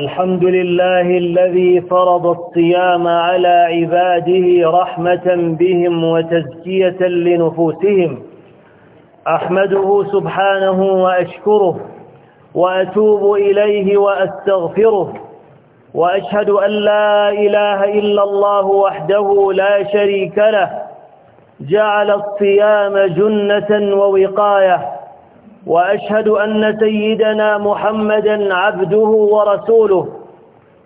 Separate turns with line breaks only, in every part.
الحمد لله الذي فرض الصيام على عباده رحمة بهم وتزكية لنفوسهم أحمده سبحانه وأشكره وأتوب إليه وأستغفره وأشهد أن لا إله إلا الله وحده لا شريك له جعل الصيام جنة ووقايه وأشهد أن سيدنا محمدا عبده ورسوله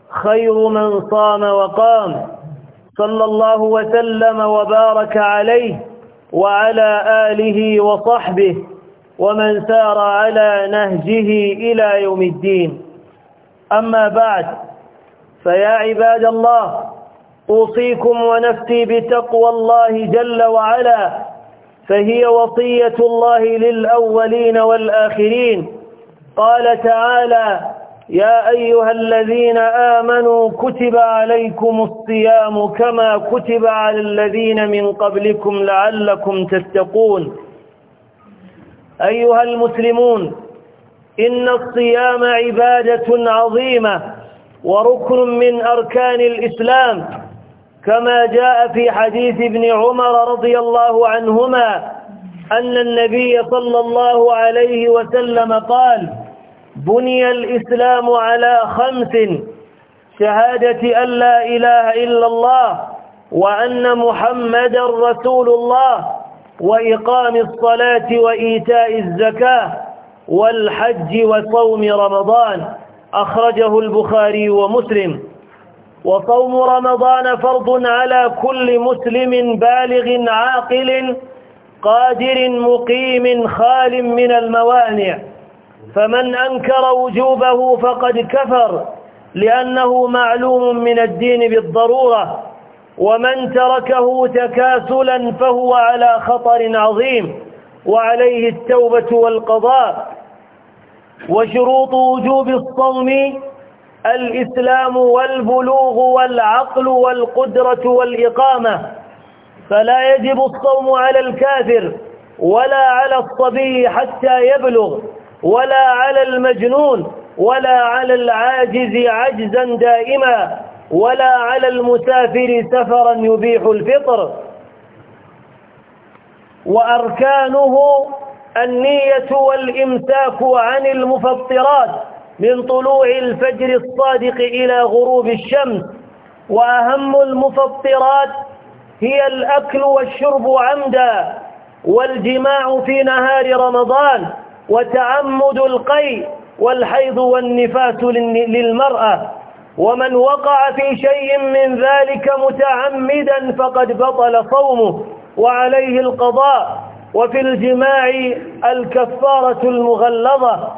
خير من صام وقام صلى الله وسلم وبارك عليه وعلى آله وصحبه ومن سار على نهجه إلى يوم الدين أما بعد فيا عباد الله أوصيكم ونفسي بتقوى الله جل وعلا فهي وصية الله للأولين والآخرين قال تعالى يا أيها الذين آمنوا كتب عليكم الصيام كما كتب على الذين من قبلكم لعلكم تتقون أيها المسلمون إن الصيام عبادة عظيمة وركن من أركان الإسلام كما جاء في حديث ابن عمر رضي الله عنهما أن النبي صلى الله عليه وسلم قال بني الإسلام على خمس شهادة أن لا إله إلا الله وأن محمدا رسول الله وإقام الصلاة وإيتاء الزكاة والحج وصوم رمضان أخرجه البخاري ومسلم وصوم رمضان فرض على كل مسلم بالغ عاقل قادر مقيم خال من الموانع فمن أنكر وجوبه فقد كفر لأنه معلوم من الدين بالضرورة ومن تركه تكاسلا فهو على خطر عظيم وعليه التوبة والقضاء وشروط وجوب الصوم الإسلام والبلوغ والعقل والقدرة والإقامة فلا يجب الصوم على الكافر ولا على الصبي حتى يبلغ ولا على المجنون ولا على العاجز عجزا دائما ولا على المسافر سفرا يبيح الفطر وأركانه النية والإمساك عن المفطرات من طلوع الفجر الصادق إلى غروب الشمس وأهم المفطرات هي الأكل والشرب عمدا والجماع في نهار رمضان وتعمد القيء والحيض والنفاس للمرأة ومن وقع في شيء من ذلك متعمدا فقد بطل صومه وعليه القضاء وفي الجماع الكفارة المغلظة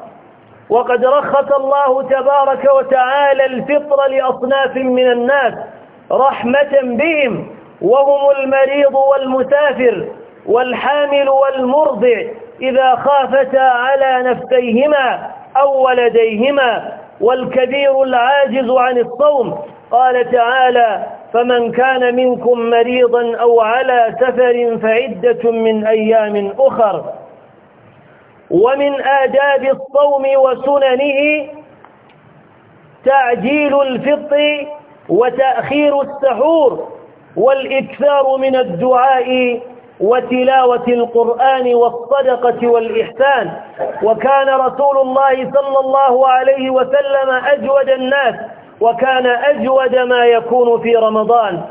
وقد رخص الله تبارك وتعالى الفطر لأصناف من الناس رحمة بهم وهم المريض والمسافر والحامل والمرضع إذا خافتا على نفسيهما أو ولديهما والكبير العاجز عن الصوم قال تعالى فمن كان منكم مريضا أو على سفر فعدة من أيام أخر ومن آداب الصوم وسننه تعجيل الفطر وتأخير السحور والإكثار من الدعاء وتلاوة القرآن والصدقة والإحسان وكان رسول الله صلى الله عليه وسلم أجود الناس وكان أجود ما يكون في رمضان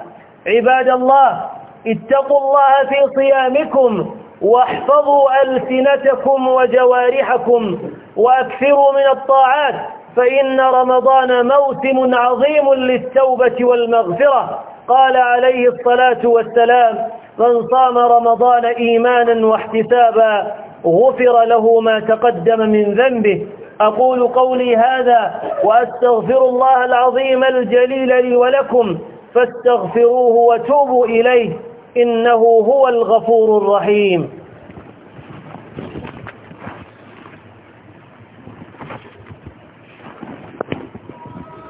عباد الله اتقوا الله في صيامكم واحفظوا ألسنتكم وجوارحكم وأكثروا من الطاعات فإن رمضان موسم عظيم للتوبة والمغفرة قال عليه الصلاة والسلام من صام رمضان إيمانا واحتسابا غفر له ما تقدم من ذنبه أقول قولي هذا وأستغفر الله العظيم الجليل لي ولكم فاستغفروه وتوبوا إليه إنه هو الغفور الرحيم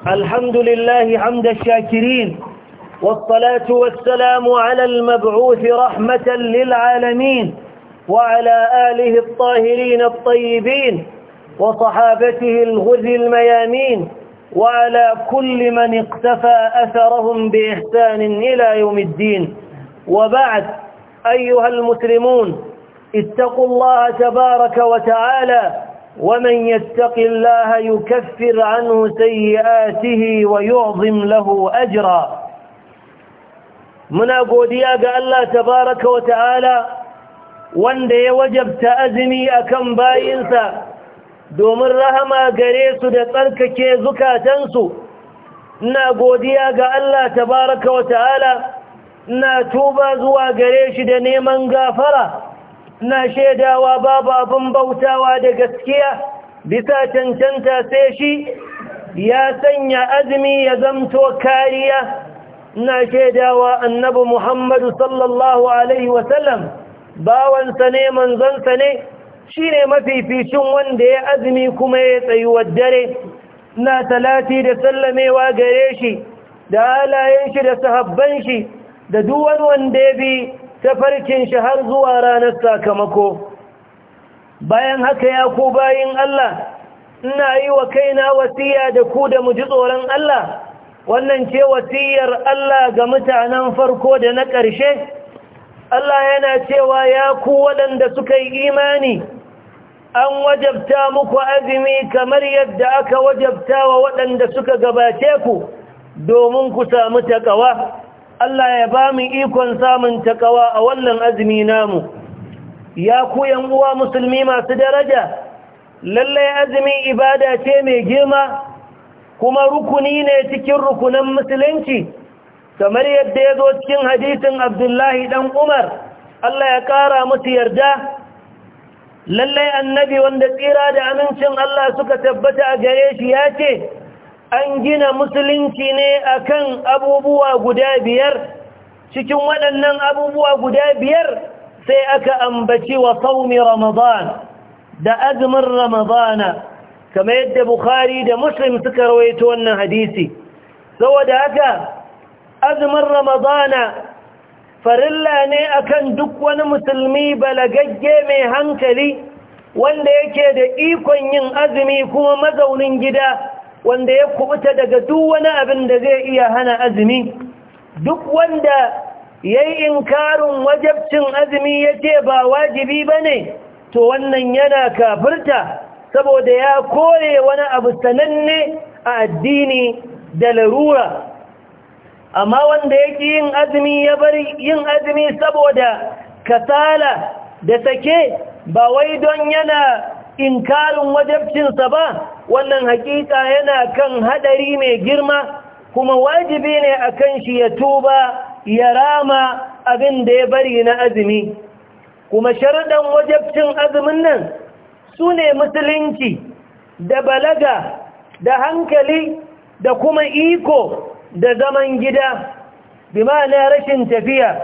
الحمد لله حمد الشاكرين والصلاة والسلام على المبعوث رحمة للعالمين وعلى آله الطاهرين الطيبين وصحابته الغر الميامين وعلى كل من اقتفى أثرهم بإحسان إلى يوم الدين وبعد أيها المسلمون اتقوا الله تبارك وتعالى ومن يتق الله يكفر عنه سيئاته ويعظم له أجرا من أقودياك الله تبارك وتعالى وان دي وجب تأزمي أكم بائنسا دومن رحما قريس دتلك كي زكا تنسو من أقودياك الله تبارك وتعالى ina tuba zuwa gare shi da neman gafara ina shaidawa babu abin bautawa da gaskiya bisa cancanta sai shi ya sanya azumi ya zamto kariya ina shaidawa annabi muhammadu sallallahu alaihi wasallam bawansa ne manzansa ne shi ne mafificin wanda ya azumi kuma ya tsayuwa dare na talati da sallamewa gare shi da halayen shi da sahabban shi da duk wanda ya bi tafarkin shi har zuwa ranar sakamako bayan haka ya ku bayin Allah ina yi wa kaina wasiya da ku da mu ji tsoron Allah wannan ce wasiyar Allah ga mutanen farko da na ƙarshe Allah yana cewa ya ku waɗanda suka yi imani an wajabta muku azumi kamar yadda aka wajabta wa waɗanda suka gabace ku domin ku samu taƙawa Allah ya ba mu ikon samun takawa a wannan azumi namu ya ku uwa musulmi masu daraja lallai azumi ibada ce mai girma kuma rukuni ne cikin rukunan musulunci kamar yadda ya zo cikin hadisin abdullahi dan umar Allah ya kara musu yarda lallai annabi wanda tsira da amincin Allah suka tabbata a gare shi ya ce an gina musulunci ne akan abubuwa guda biyar cikin waɗannan abubuwa guda biyar sai aka ambaci wa saumi ramadan da azumin ramadana kamar yadda bukhari da muslim suka rawaito wannan hadisi saboda haka azumin ramadana farilla ne akan duk wani musulmi balagagge mai hankali wanda yake da ikon yin azumi kuma mazaunin gida wanda ya kubuta daga duk wani abin da zai iya hana azumi duk wanda ya yi inkarin wajabcin azumi ya ce ba wajibi ba ne to wannan yana kafirta saboda ya kore wani abu sananne a addini da larura amma wanda ya ƙi yin azumi ya bari yin azumi saboda kasala da sake ba wai don yana inkarin wajabcinsa ba wannan hakika yana kan hadari mai girma kuma wajibi ne akan shi ya tuba ya rama abin da ya bari na azumi kuma sharaɗan wajabcin azumin nan su ne musulunci da balaga da hankali da kuma iko da zaman gida bi ma'ana rashin tafiya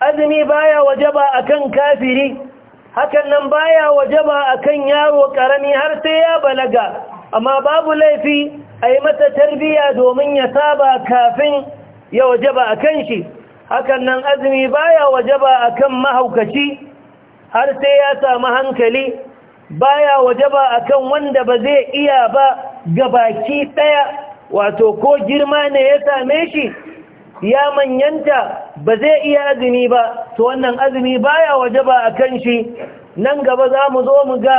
azumi baya wajaba akan kafiri hakan nan baya wajaba akan yaro karami har sai ya balaga amma babu laifi a yi mata tarbiya domin ya saba kafin ya wajaba kan shi hakan nan azumi baya wajaba akan mahaukaci har sai ya samu hankali baya wajaba akan wanda ba zai iya ba ga baki daya wato ko girma ne ya same shi ya manyanta ba zai iya azumi ba to wannan azumi baya wajaba a kan shi nan gaba za mu zo mu ga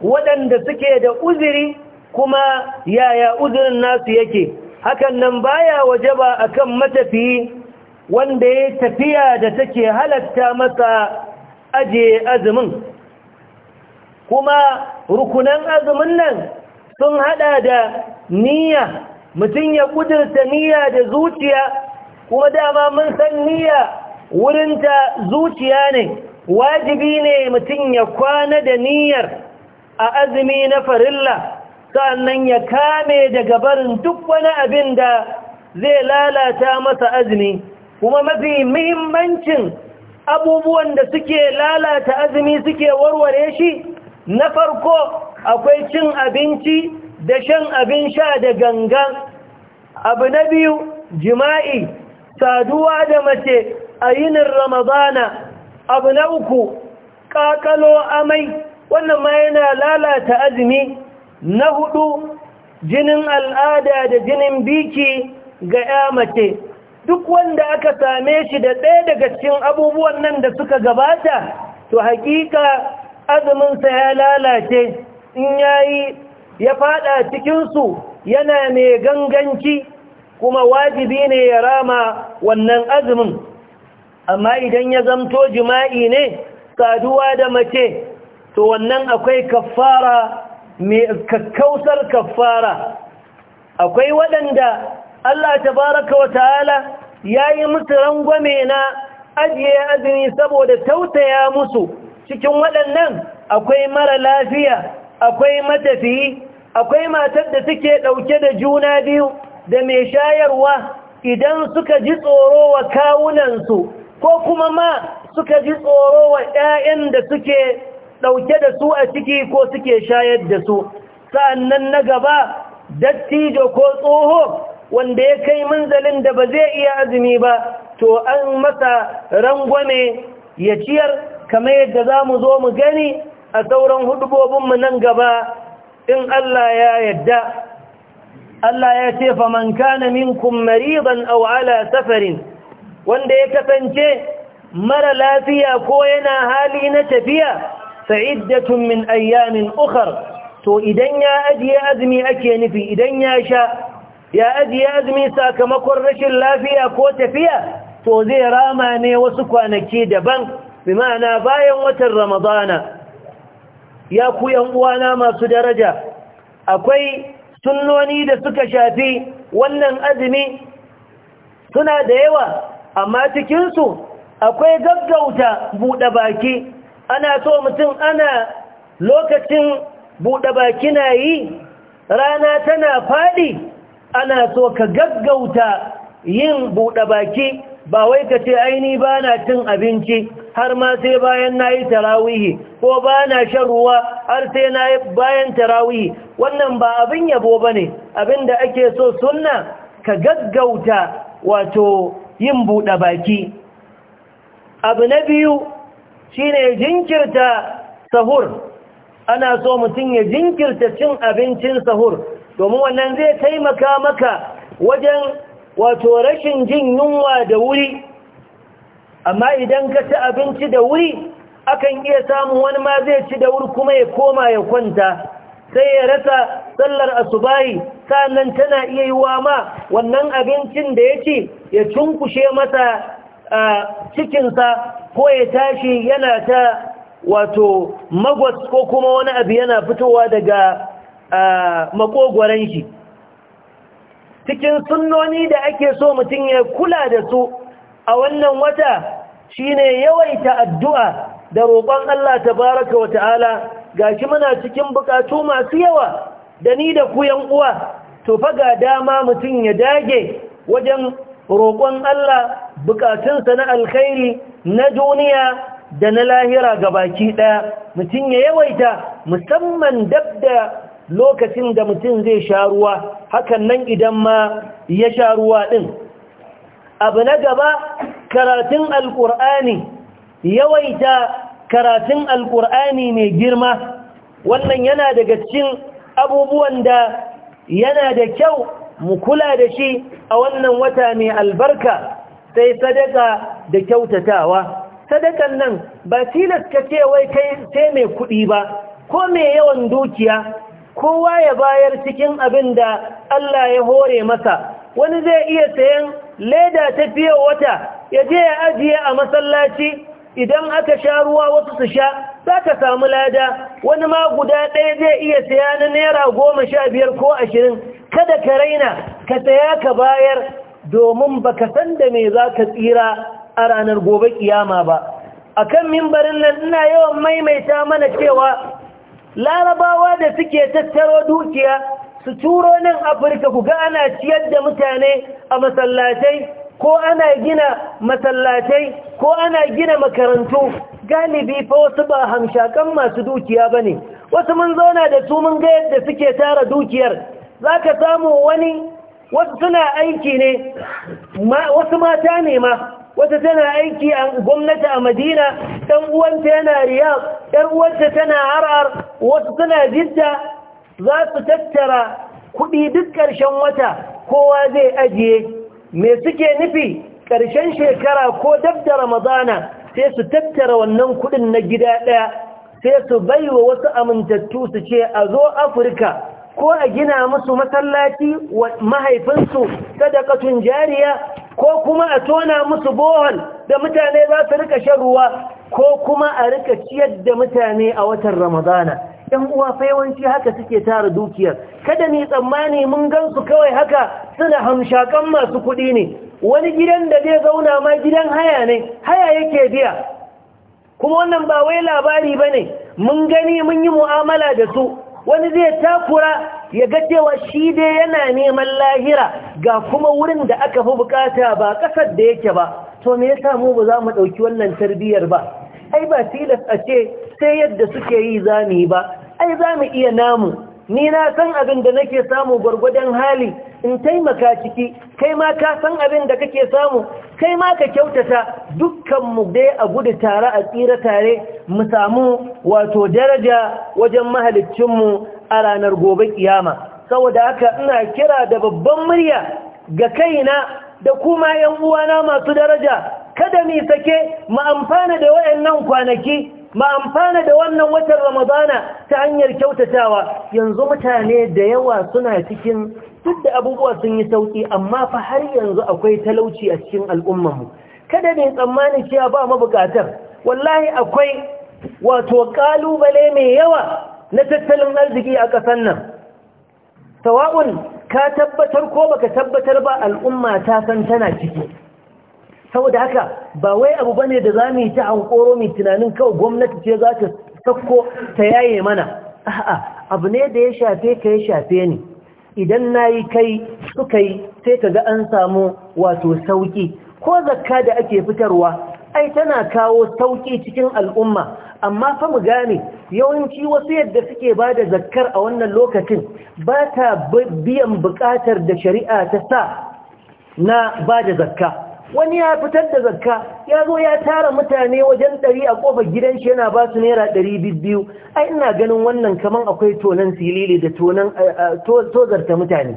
waɗanda suke da uziri kuma yaya uzurin nasu yake hakan nan baya wajaba a kan matafiyi wanda ya tafiya da take halatta masa ajiye azumin kuma rukunan azumin nan sun hada da niyya mutum ya ƙudurta niyya da zuciya kuma dama mun san niyya wurinta zuciya ne wajibi ne mutum ya kwana da niyyar a azumi na farilla sannan ya kame daga barin duk wani abin da zai lalata masa azumi kuma mafi muhimmancin abubuwan da suke lalata azumi suke warware shi na farko akwai cin abinci da shan abin sha da ganga. abu na biyu jima'i saduwa da mace a yinin ramadana abu na uku ƙaƙalo amai wannan ma yana lalata azumi na hudu jinin al'ada da jinin biki ga ya mace duk wanda aka same shi da ɗaya daga cikin abubuwan nan da suka gabata to hakika azuminsa ya lalace in yayi ya fada cikinsu yana mai ganganci kuma wajibi ne ya rama wannan azumin amma idan ya zamto jima'i ne saduwa da mace to wannan akwai kaffara mai kakkausar kaffara akwai waɗanda Allah tabaraka wa ta'ala yayi musu rangwame na ajiye azumi saboda tautaya musu cikin waɗannan akwai mara lafiya akwai matafiyi akwai matar da suke ɗauke da juna biyu da mai shayarwa idan suka ji tsoro wa kawunansu ko kuma ma suka ji tsoro wa 'ya'yan da suke ɗauke da su a ciki ko suke shayar da su sa'annan na gaba dattijo ko tsoho wanda ya kai manzalin da ba zai iya azumi ba to an masa rangwame ya ciyar kamar yadda za mu zo mu gani a sauran hudubobinmu nan gaba in Allah ya yadda Allah ya ce faman kana minkum maridan aw ala safarin wanda ya kasance mara lafiya ko yana hali na tafiya fa'iddatun min ayyamin ukar to idan ya ajiye azumi ake nufi idan ya sha ya ajiye azumi sakamakon rashin lafiya ko tafiya to zai rama ne wasu kwanaki daban bi ma'ana bayan watan ramadana ya ku yan uwana masu daraja akwai sunnoni da suka shafi wannan azumi suna da yawa amma cikinsu akwai gaggauta buɗe baki ana so mutum ana lokacin buɗe baki na yi rana tana faɗi ana so ka gaggauta yin buɗe baki ba wai ka ce aini ba na cin abinci har ma sai bayan na yi tarawihi ko ba na shan ruwa har sai na yi bayan tarawihi wannan ba abin yabo ba ne abin da ake so sunna ka gaggauta wato yin buɗe baki abu na biyu shi shine jinkirta sahur ana so mutum ya jinkirta cin abincin sahur domin wannan zai taimaka maka wajen wato rashin jin yunwa da wuri amma idan ka ci abinci da wuri akan iya samun wani ma zai ci da wuri kuma ya koma ya kwanta sai ya rasa sallar asubahi sannan tana iya yi wa ma wannan abincin da ya ci ya cunkushe masa cikinsa ko ya tashi yana ta wato magwas ko kuma wani abu yana fitowa daga makogwaran shi cikin sunnoni da ake so mutum ya kula da su a wannan wata shine yawaita addu'a da roƙon Allah tabaraka wa ta'ala gashi muna cikin bukatu masu yawa da ni da ku yan uwa to fa ga dama mutum ya dage wajen roƙon Allah bukatunsa na alkhairi na duniya da na lahira ga baki ɗaya mutum ya yawaita musamman dab da lokacin da mutum zai sha ruwa hakan nan idan ma ya sha ruwa ɗin abu na gaba karatun Alkur'ani, yawaita karatun Alkur'ani mai girma wannan yana daga cikin abubuwan da yana da kyau mu kula da shi a wannan wata mai albarka sai sadaka da kyautatawa sadakan nan ba tilaska ce wai kai sai mai kuɗi ba ko mai yawan dukiya kowa ya bayar cikin abin da Allah ya hore masa wani zai iya sayan leda ta fiye wata ya je ya ajiye a masallaci idan aka sha ruwa wasu su sha za ka samu lada wani ma guda ɗaya zai iya saya na naira goma sha biyar ko ashirin kada ka raina ka saya ka bayar domin ba ka san da mai za ka tsira a ranar gobe kiyama ba a kan mimbarin nan ina yawan maimaita mana cewa larabawa da suke tattaro dukiya su turo nan afirka ku ga ana ciyar da mutane a masallatai ko ana gina masallatai ko ana gina makarantu galibi fa wasu ba hamshakan masu dukiya ba ne wasu mun zauna da su mun ga yadda suke tara dukiyar za ka samu wani wasu suna aiki ne wasu mata ne ma wata tana aiki a gwamnati a madina ɗan uwanta yana riyad ɗan uwanta tana har'ar wata tana jidda za su tattara kuɗi duk ƙarshen wata kowa zai ajiye me suke nufi ƙarshen shekara ko dab ramadana sai su tattara wannan kuɗin na gida ɗaya sai su bai wa wasu amintattu su ce a zo afirka ko a gina musu masallaci wa mahaifinsu sadakatun jariya ko kuma a tona musu bohol da mutane za su rika shan ruwa ko kuma a rika ciyar da mutane a watan ramadana ɗan uwa fa haka suke tara dukiyar kada ni tsammani mun gansu kawai haka suna hamshakan masu kuɗi ne wani gidan da zai zauna ma gidan haya ne haya yake biya kuma wannan ba wai labari ba ne mun gani mun yi mu'amala da su wani zai takura ya ga cewa shi dai yana neman lahira ga kuma wurin da aka fi bukata ba kasar da yake ba to me yasa mu ba za mu dauki wannan tarbiyyar ba ai ba tilas a ce sai yadda suke yi zamu yi ba ai zamu iya namu ni na san abin da nake samu gwargwadon hali in taimaka ciki kai ma ka san abin da kake samu kai ma ka kyautata dukkanmu dai a gudu tare a tsira tare mu samu wato daraja wajen mahalicinmu a ranar gobe kiyama saboda haka ina kira da babban murya ga kaina da kuma yan uwana masu daraja kada mi sake mu amfana da wayannan kwanaki mu amfana da wannan watan Ramadana ta hanyar kyautatawa yanzu mutane da yawa suna cikin duk da abubuwa sun yi sauki amma fa har yanzu akwai talauci a cikin mu, kada ne tsammanin cewa ba mabukatar wallahi akwai wato kalubale mai yawa na tattalin arziki a ƙasar nan sawa'un ka tabbatar ko baka tabbatar ba al'umma ta san tana ciki saboda haka ba wai abu bane da za mu yi ta hankoro mai tunanin kawai gwamnati ce za ta sakko ta yaye mana a'a abu ne da ya shafe ka ya shafe ni idan na yi kai suka yi sai ka ga an samu wato sauƙi ko zakka da ake fitarwa ai tana kawo sauƙi cikin al'umma amma fa mu gane yawanci wasu yadda suke ba da zakkar a wannan lokacin ba ta biyan buƙatar da shari'a ta sa na ba da zakka wani ya fitar da zakka ya zo ya tara mutane wajen ɗari a ƙofar gidan shi yana ba su naira ɗari biyu ai ina ganin wannan kamar akwai tonan silili da tonan eh, eh, tozarta mutane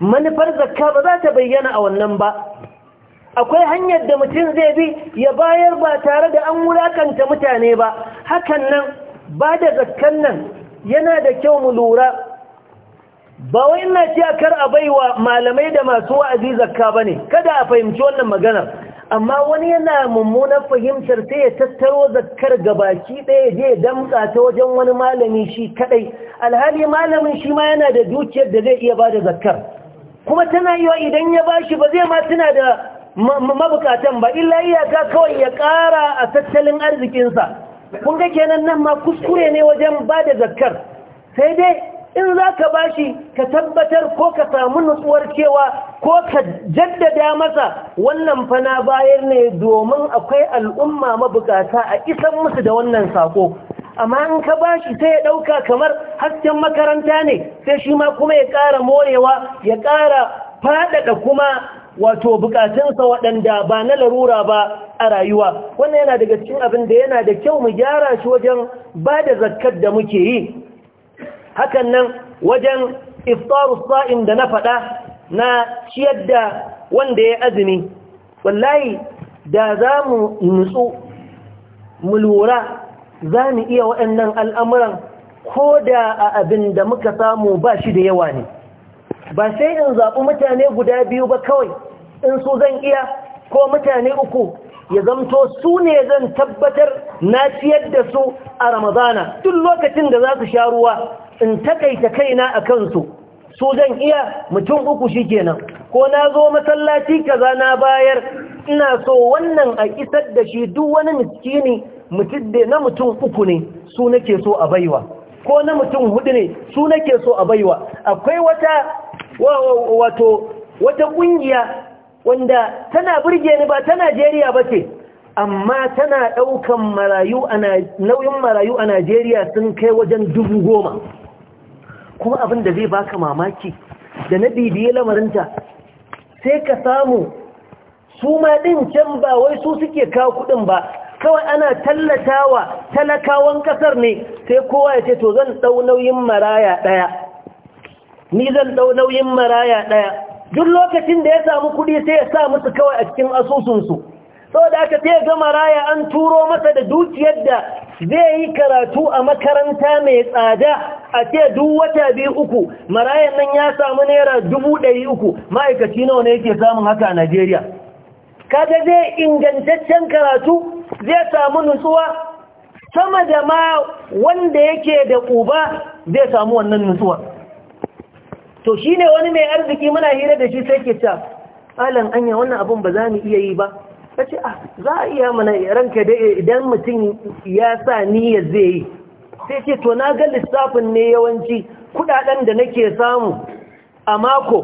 manufar zakka ba za ta bayyana a wannan ba akwai hanyar da mutum zai bi ya bayar ba tare da an wulakanta mutane ba hakan nan ba da zakkan nan yana da kyau mu lura ba wai na cewa kar a bai wa malamai da masu wa'azi zakka ba ne. kada a fahimci wannan maganar. amma wani yana mummunan fahimtar sai ya tattaro zakkar baki ɗaya je damka ta wajen wani malami shi kaɗai. alhali malamin shi ma yana da dukiyar da zai iya bada zakkar kuma tana yiwa idan ya bashi ba zai ma tana da mabukatan ba illa iyaka kawai ya ƙara a tattalin arzikinsa kun ga kenan nan ma kuskure ne wajen bada zakkar sai dai in za ka ba shi ka tabbatar ko ka samu nutsuwar cewa ko ka jaddada masa wannan fana bayar ne domin akwai al'umma mabukata a isan musu da wannan sako amma in ka ba shi sai ya ɗauka kamar hasken makaranta ne sai shi ma kuma ya ƙara morewa ya ƙara faɗaɗa kuma wato bukatunsa waɗanda ba na larura ba a rayuwa wannan yana daga cikin abin da yana da kyau mu gyara shi wajen ba da zakkar da muke yi hakan nan wajen iftaru sa'in da na faɗa na ciyar da wanda ya azumi wallahi da za mu nutsu mu lura za mu iya waɗannan al'amuran ko da a abin da muka samu ba shi da yawa ne ba sai in zaɓi mutane guda biyu ba kawai in su zan iya ko mutane uku ya zamto su ne zan tabbatar na ciyar da su a ramadana duk lokacin da za su sha ruwa in takaita kaina a kansu su zan iya mutum uku shikenan ko na zo masallaci kaza na bayar ina so wannan a isar da shi duk wani miskini mutum da na mutum uku ne su nake so a baiwa ko na mutum hudu ne su nake so a baiwa akwai wata wato wata kungiya wanda tana burge ni ba ta Najeriya ba ce amma tana ɗaukan marayu a nauyin marayu a Najeriya sun kai wajen dubu goma kuma abin da zai baka mamaki da na bibiye lamarinta sai ka samu su ma ɗin can ba wai su suke kawo kuɗin ba kawai ana tallata wa talakawan ƙasar ne sai kowa ya ce to zan ɗau nauyin maraya ɗaya ni zan ɗau nauyin maraya ɗaya duk lokacin da ya samu kuɗi sai ya sa musu kawai a cikin asusunsu saboda aka sai ga maraya an turo masa da dukiyar da zai yi karatu a makaranta mai tsada a ce duk wata biyu uku marayan nan ya samu naira dubu ɗari uku ma'aikaci nawa ne yake samun haka a najeriya kaga zai ingantaccen karatu zai samu nutsuwa sama da ma wanda yake da ƙuba zai samu wannan nutsuwa to shi ne wani mai arziki muna hira da shi sai ke ta alan anya wannan abun ba za mu iya yi ba ta ce ah za a iya mana ranka da idan mutum ya sa niyya zai yi sai ce to na ga lissafin ne yawanci kudaden da nake samu a mako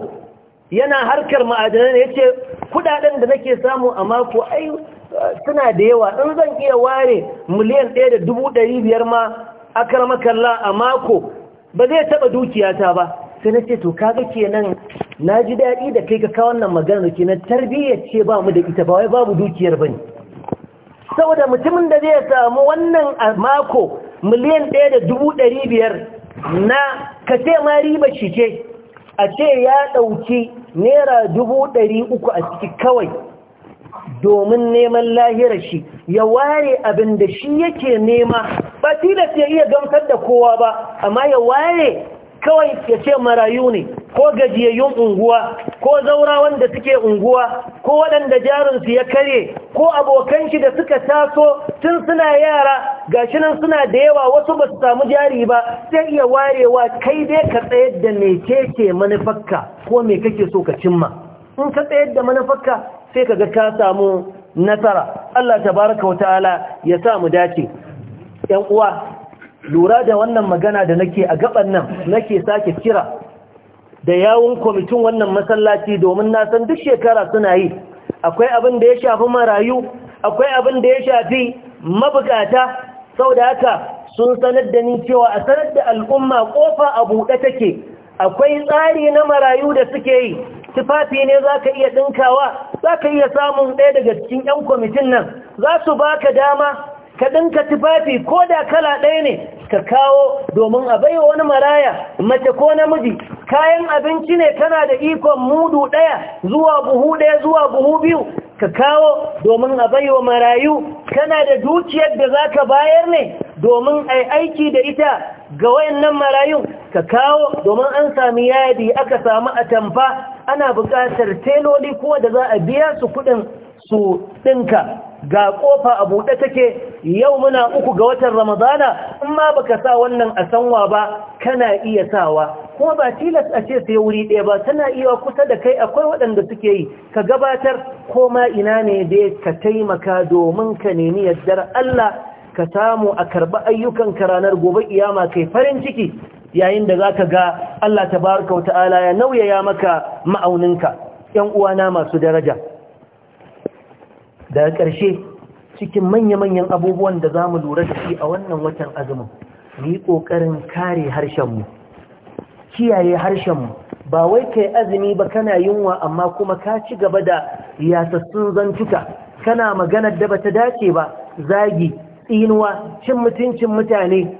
yana harkar ma'adanan ya ce kudaden da nake samu a mako ai suna da yawa in zan iya ware miliyan ɗaya da dubu ɗari biyar ma a karmakalla a mako ba zai taɓa dukiyata ba sai na ce to kaga kenan na ji daɗi da kai ka kawo magana maganar kenan tarbiyyar ce ba mu da ita ba wai babu dukiyar ba ne saboda mutumin da zai samu wannan a mako miliyan ɗaya da dubu ɗari biyar na ka ce ma riba shi ce a ce ya ɗauki naira dubu ɗari uku a ciki kawai domin neman lahirar shi ya ware abin da shi yake nema ba tilas ya iya gamsar da kowa ba amma ya ware kawai ya ce marayu ne ko gajiyayyun unguwa ko zaura wanda suke unguwa ko waɗanda jarinsu ya kare ko abokan shi da suka taso tun suna yara gashi nan suna da yawa wasu ba su samu jari ba sai iya warewa kai dai ka tsayar da mai keke manufarka ko mai kake so ka cimma in ka tsayar da manufarka sai ka ga ka samu nasara Allah tabaraka wa ta'ala ya sa mu dace ƴan uwa lura da wannan magana da nake a gaban nan nake sake kira da yawun kwamitin wannan masallaci domin na san duk shekara suna yi akwai abin da ya shafi marayu akwai abin da ya shafi mabukata sau da haka sun sanar da ni cewa a sanar da al'umma kofa a buɗe take akwai tsari na marayu da suke yi tufafi ne za ka iya ɗinkawa za ka iya samun ɗaya daga cikin 'yan kwamitin nan za su baka dama ka ɗinka tufafi ko da kala ɗaya ne ka kawo domin a baiwa wani maraya mace ko namiji kayan abinci ne kana da ikon mudu ɗaya zuwa buhu ɗaya zuwa buhu biyu ka kawo domin a baiwa marayu kana da dukiyar da za ka bayar ne domin a aiki da ita ga wayannan marayun ka kawo domin an sami yadi aka samu atamfa ana buƙatar teloli ko da za a biya su kuɗin su ɗinka ga kofa a buɗe take yau muna uku ga watan ramadana Amma ma baka sa wannan a sanwa ba kana iya sawa kuma ba tilas a ce sai wuri ɗaya ba tana iya kusa da kai akwai waɗanda suke yi ka gabatar ko ma ina ne dai ka taimaka domin ka nemi yardar Allah ka samu a karɓi ayyukan ranar gobe iyama kai farin ciki yayin da zaka ga Allah tabaraka wa ta'ala ya nauyaya maka ma'auninka Yan uwana masu daraja daga ƙarshe cikin manya-manyan abubuwan da za mu lura da shi a wannan watan azumin mu yi ƙoƙarin kare harshenmu kiyaye harshenmu ba wai kai azumi ba kana yunwa amma kuma ka ci gaba da yasassun zantuka kana maganar da bata dace ba zagi tsinuwa cin mutuncin mutane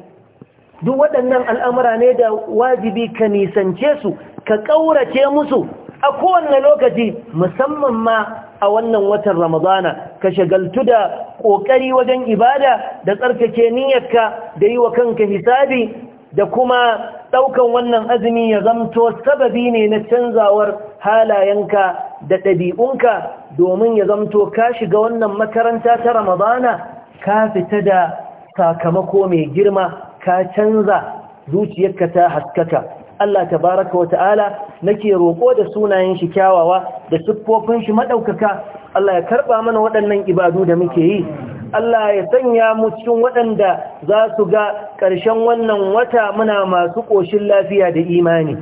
duk waɗannan al'amura ne da wajibi ka nisance su ka ƙaurace musu a kowane lokaci musamman ma a wannan watan ramadana ka shagaltu da ƙoƙari wajen ibada da tsarkake niyyarka da yi wa kanka hisabi da kuma ɗaukan wannan azumi ya zamto sababi ne na canzawar halayenka da ɗabi'unka domin ya zamto ka shiga wannan makaranta ta ramadana ka fita da sakamako mai girma ka canza zuciyarka ta haskaka Allah tabaraka wa ta'ala nake roƙo da sunayen shi kyawawa da siffofin shi madaukaka Allah ya karɓa mana waɗannan ibadu da muke yi Allah ya sanya mu cikin waɗanda za su ga ƙarshen wannan wata muna masu ƙoshin lafiya da imani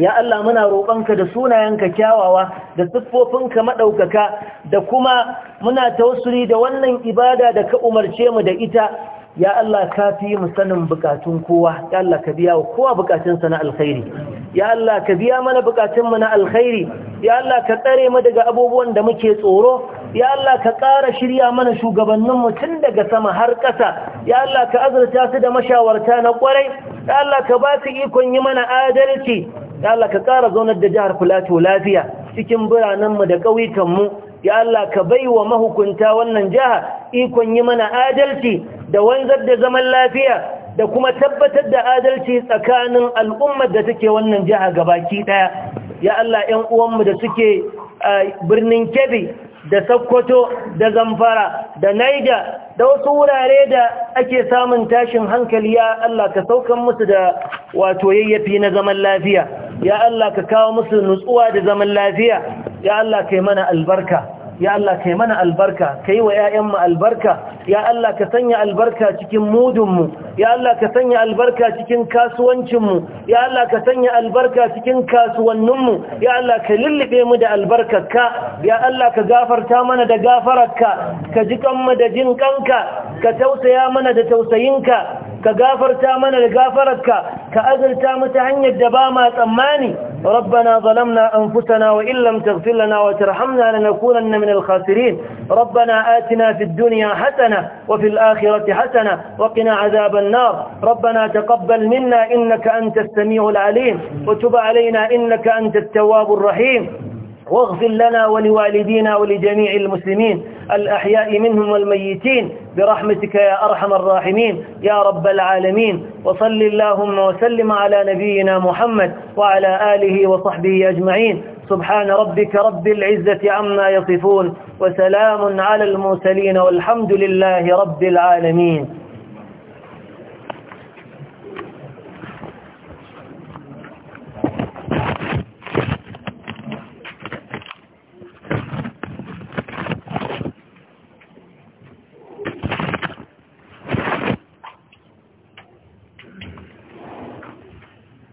ya Allah muna roƙonka da sunayen ka kyawawa da siffofinka maɗaukaka da kuma muna tausuri da wannan ibada da ka umarce mu da ita ya Allah ka fi mu sanin bukatun kowa ya Allah ka biya wa kowa bukatunsa na alkhairi ya Allah ka biya mana bukatunmu na alkhairi ya Allah ka tsare mu daga abubuwan da muke tsoro ya Allah ka ƙara shirya mana shugabanninmu tun daga sama har ƙasa ya Allah ka azurta su da mashawarta na ƙwarai ya Allah ka ba su ikon yi mana adalci ya Allah ka ƙara zaunar da jihar Filato lafiya cikin biranenmu da ƙauyukanmu ya Allah ka wa mahukunta wannan jiha ikon yi mana adalci da wanzar da zaman lafiya da kuma tabbatar da adalci tsakanin al'ummar da take wannan jiha gabaki daya ya Allah 'yan uwanmu da suke birnin Kebbi da Sokoto da Zamfara da Naija da wasu wurare da ake samun tashin hankali ya Allah ka saukan musu da wato yayyafi na zaman lafiya ya Allah ka kawo musu nutsuwa da zaman lafiya ya Allah kai mana albarka ya Allah kai mana albarka kai wa ƴaƴanmu albarka ya Allah ka sanya albarka cikin mudunmu ya Allah ka sanya albarka cikin kasuwancinmu ya Allah ka sanya albarka cikin kasuwanninmu ya Allah ka lullube mu da albarkarka ya Allah ka gafarta mana da gafararka ka ji kanmu da jin kanka ka tausaya mana da tausayinka ka gafarta mana da gafararka ka azurta mu hanyar da ba ma tsammani ربنا ظلمنا أنفسنا وإن لم تغفر لنا وترحمنا لنكونن من الخاسرين ربنا آتنا في الدنيا حسنة وفي الآخرة حسنة وقنا عذاب النار ربنا تقبل منا إنك أنت السميع العليم وتب علينا إنك أنت التواب الرحيم واغفر لنا ولوالدينا ولجميع المسلمين الأحياء منهم والميتين برحمتك يا أرحم الراحمين يا رب العالمين وصل اللهم وسلم على نبينا محمد وعلى آله وصحبه أجمعين سبحان ربك رب العزة عما يصفون وسلام على المرسلين والحمد لله رب العالمين